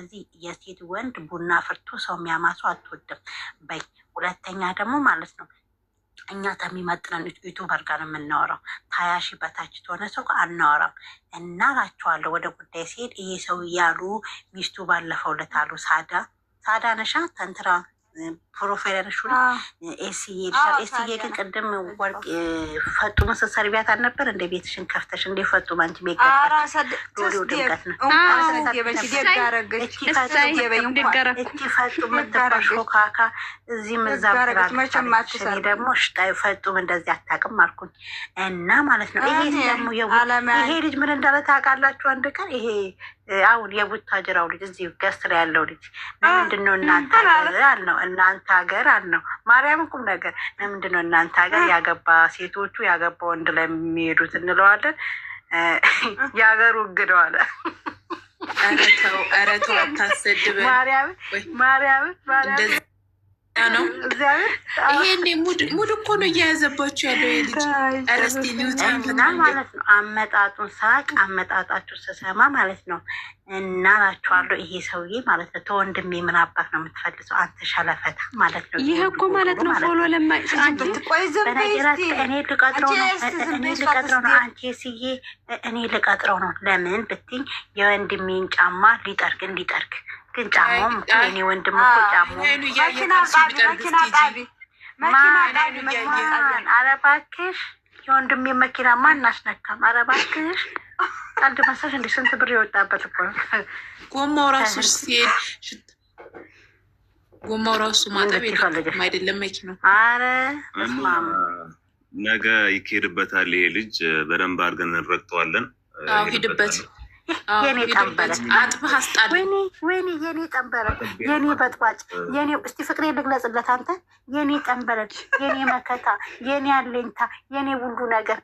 ስለዚህ የሴት ወንድ ቡና ፍርቶ ሰው የሚያማሱ አትወድም። በይ ሁለተኛ ደግሞ ማለት ነው እኛ ተሚመጥነን ዩቱበር ጋር የምናወራው ታያሺ በታች ተሆነ ሰው አናወራም። እናላቸዋለሁ ወደ ጉዳይ ሲሄድ ይሄ ሰው እያሉ ሚስቱ ባለፈው ለታሉ ሳዳ ሳዳ ነሻ ተንትራ ፕሮፋይለርሽ ኤሲ ይልሻል። ኤሲዬ ግን ቅድም ወርቅ ፈጡ መሰሰር ቢያት አልነበር? እንደ ቤትሽን ከፍተሽ እንደ ፈጡ አንቺ ዶሪው ድምቀት ፈጡም እንደዚህ አታውቅም አልኩኝ እና ማለት ነው። ይሄ ልጅ ምን እንዳለ ታውቃላችሁ? አንድ ቀን ይሄ አሁን የቡታጅራው ልጅ እዚህ ገስት ያለው ልጅ ምንድን ነው እናንተ አልነው እናንተ ሀገር አልነው ማርያም ቁም ነገር ለምንድነው እናንተ ሀገር ያገባ ሴቶቹ ያገባ ወንድ ላይ የሚሄዱት እንለዋለን። የሀገሩ እግደዋለ ረተው ረተው አታሰድበን ማርያም ማርያም ማርያም ነው። ይሄን ሙድ እኮ ነው እየያዘባችሁ ያለው የልጅ ረስቲኒውትና ማለት ነው። አመጣጡን ሳቅ አመጣጣችሁ ስሰማ ማለት ነው እና እላችኋለሁ ይሄ ሰውዬ ማለት ነው ተወንድሜ ምን አባት ነው የምትፈልሰው አንተ ሸለፈታ ማለት ነው። ይሄ እኮ ማለት ነው ፎሎ ለማይበነገራችን ልቀጥረው ነው ልቀጥረው ነው አንቺ ስዬ እኔ ልቀጥረው ነው ለምን ብትኝ የወንድሜን ጫማ ሊጠርግ እንዲጠርግ ግን ጫማውም እኔ ወንድም እኮ ጫማው መኪና ጣቢ መኪና ጣቢ መኪና ኧረ እባክሽ የወንድሜ መኪና ማን አስነካም? ኧረ እባክሽ ቀልድ መሰለሽ እንደ ስንት ብር የወጣበት እኮ ጎማው ራሱ ሲሄድ ጎማው ራሱ ማጠብ አይደለም መኪናው። ኧረ ነገ ይካሄድበታል ይሄ ልጅ በደንብ አድርገን እንረግጠዋለን። ሂድበት ወይኔ የኔ ጠንበረት የኔ በጥባጭ የኔ እስቲ ፍቅሬ ልግለጽለት። አንተ የኔ ጠንበረት የኔ መከታ፣ የኔ አለኝታ፣ የኔ ሁሉ ነገር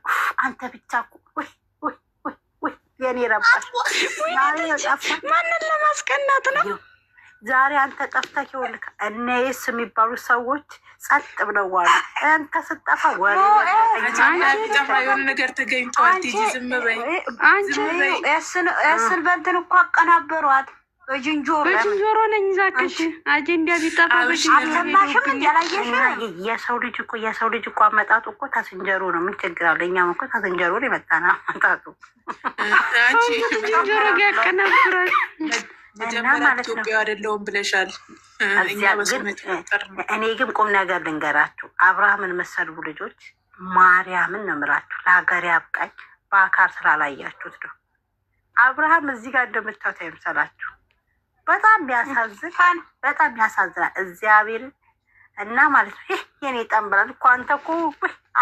አንተ ብቻ እኮ የኔ ረባት ማንን ለማስቀናት ነው? ዛሬ አንተ ጠፍተህ ይኸውልህ፣ እነይስ የሚባሉ ሰዎች ጸጥ ብለው ዋሉ። አንተ ስጠፋ የሆነ ነገር ተገኝተዋል። ዝም በይ እስን በእንትን እኮ አቀናበሯት። በጅንጆሮ በጅንጆሮ ነኝ ዛክሽ አጀንዳ ቢጠፋ አልሰማሽም? እንዳላየሽ የሰው ልጅ እኮ የሰው ልጅ እኮ አመጣጡ እኮ ታስንጀሮ ነው። ምን ችግር አለ? እኛም እኮ ታስንጀሮ ነው የመጣና አመጣጡ ሰው ጅንጆሮ ያቀናብራል። መጀመሪያ ኢትዮጵያ አይደለሁም ብለሻል። እኔ ግን ቁም ነገር ልንገራችሁ። አብርሃምን መሰሉ ልጆች ማርያምን ነው የምላችሁ። ለሀገር ያብቃኝ። በአካል ስላላያችሁት ነው። አብርሃም እዚህ ጋር እንደምታዩት አይምሰላችሁ። በጣም ያሳዝናል፣ በጣም ያሳዝናል። እግዚአብሔር እና ማለት ነው ይህ የኔ ጠንብላል እኮ አንተ እኮ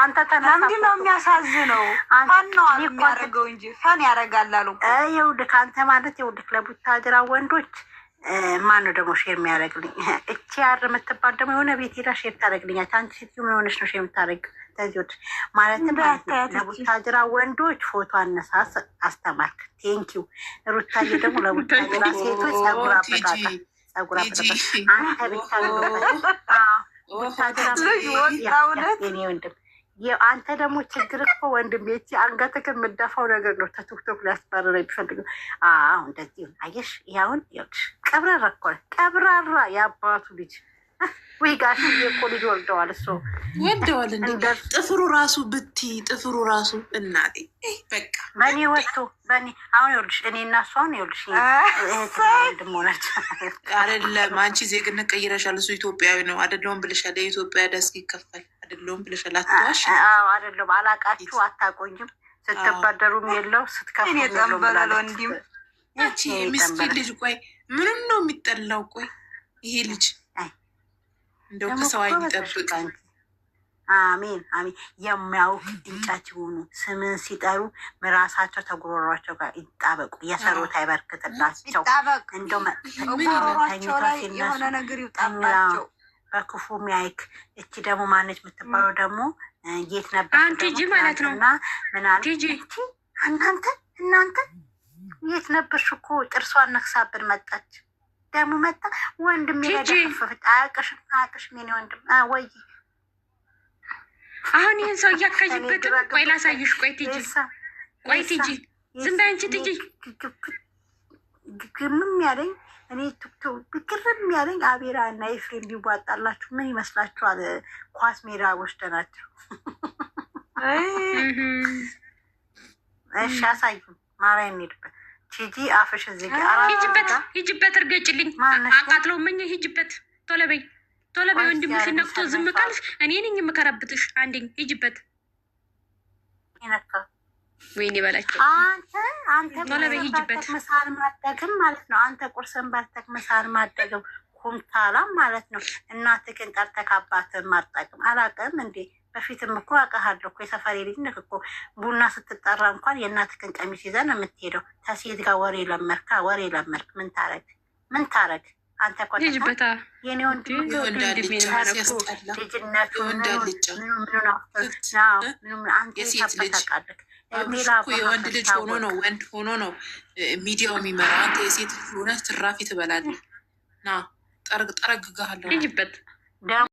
አንተ ተነሳ። ምንድን ነው የሚያሳዝነው? ፈን ነው የሚያደርገው እንጂ ፈን ያደርጋላሉ። ይኸውልህ ከአንተ ማለት ይኸውልህ ለቡታጅራ ወንዶች ማን ነው ደግሞ ሼር የሚያደርግልኝ? እቺ ያር የምትባል ደግሞ የሆነ ቤት ሄዳ ሼር ታደርግልኛል። አንቺ ሴትዮ ምን ሆነሽ ነው ሼር የምታደርግ? ተዚዎች ማለትም ለቡታጅራ ወንዶች ፎቶ አነሳስ አስተማርክ። ቴንኪው ሩታዬ። ደግሞ ለቡታጅራ ሴቶች ጸጉር አበጣጣ ጸጉር አበጣጣ አንተ ቤት ታደርግ አንተ ደግሞ ችግር እኮ ወንድሜ ይቺ አንገትህ የምደፋው ነገር ነው። ተቶክቶክ ሊያስባረረ ይፈልግ አሁ እንደዚህ አየሽ፣ ያሁን ቅብረራ እኮ ቅብረራ የአባቱ ልጅ ወይ ጋሽ እኮ ልጅ ወልደዋል፣ እሱ ወልደዋል። እንደ ጥፍሩ ራሱ ብቲ ጥፍሩ ራሱ እናቴ በቃ በእኔ ወጥቶ በእኔ አሁን ይኸውልሽ፣ እኔ እና እሱ አሁን ይኸውልሽ፣ ድሞነች አይደለም። አንቺ ዜግነት ቀይረሻል፣ እሱ ኢትዮጵያዊ ነው አይደለሁም ብለሻል። የኢትዮጵያ ደስክ ይከፈል አይደለሁም ብለሻል። አትዋሽ። አይደለም አላቃችሁ፣ አታቆኝም። ስትባደሩም የለው ስትከፍሉ የለው። እንዲም አንቺ ምስኪን ልጅ ቆይ፣ ምንም ነው የሚጠላው? ቆይ ይሄ ልጅ እንደው ከሰው አይጠብቅ። አሜን አሜን። የሚያውቅ ድንቃችሁ ሆኑ። ስምን ሲጠሩ ምራሳቸው ተጉሮሯቸው ጋር ይጣበቁ። የሰሩት አይበርክትላቸው። እንደው ተኝቶ ሲነሱ በክፉ ሚያይክ። እቺ ደግሞ ማነች የምትባለው ደግሞ የት ነበር ማለት ነው እና እናንተ እናንተ የት ነበርሽ እኮ ጥርሷን ነክሳብን መጣች። ደግሞ መጣ ወንድም ይረዳፍፍአቅሽም አቅሽ ሚን ወንድም ወይ አሁን ይህን ሰው እያካይበት ቆይ ላሳዩሽ። ቆይ ትጂ ቆይ ትጂ ዝም በይ አንቺ ትጂ። ግምም ያለኝ እኔ ቱክቶ ብግርም ያለኝ አቤራ እና ኤፍሬም ቢዋጣላችሁ ምን ይመስላችኋል? ኳስ ሜዳ ወስደናቸው እሺ፣ አሳዩ ማርያም ሄዱ ቲጂ አፍሽ እዚህ ሂጅበት፣ ሂጅበት፣ እርገጭልኝ፣ አቃጥለው መኝ ሂጅበት፣ ቶሎ በይ፣ ቶሎ በይ። ወንድምሽ ነክቶ ዝም ካልሽ እኔ ነኝ የምከረብጥሽ። አንደኝ ሂጅበት። ወይኔ በላቸው። አንተ አንተ መሳል ማደግም ማለት ነው። አንተ ቁርስን ባልተክ መሳል ማደግም ኩምታላም ማለት ነው። እናትህን ጠርተህ አባትህን ማጠቅም አላውቅም እንዴ በፊትም እኮ አውቃሃለሁ እኮ የሰፈሬ ልጅ ነህ እኮ። ቡና ስትጠራ እንኳን የእናትህን ቀሚስ ይዘህ ነው የምትሄደው። ተሴት ጋር ወሬ ለመርካ ወሬ ለመርክ ምን ታረግ ምን ታረግ አንተ እኮ የኔ ወንድም የወንድ ልጅ ሆኖ ነው ወንድ ሆኖ ነው ሚዲያው የሚመራ። አንተ የሴት ልጅ ሆነህ ትራፊ ትበላለህ። ና ጠረግ ጠረግ ጋለሁ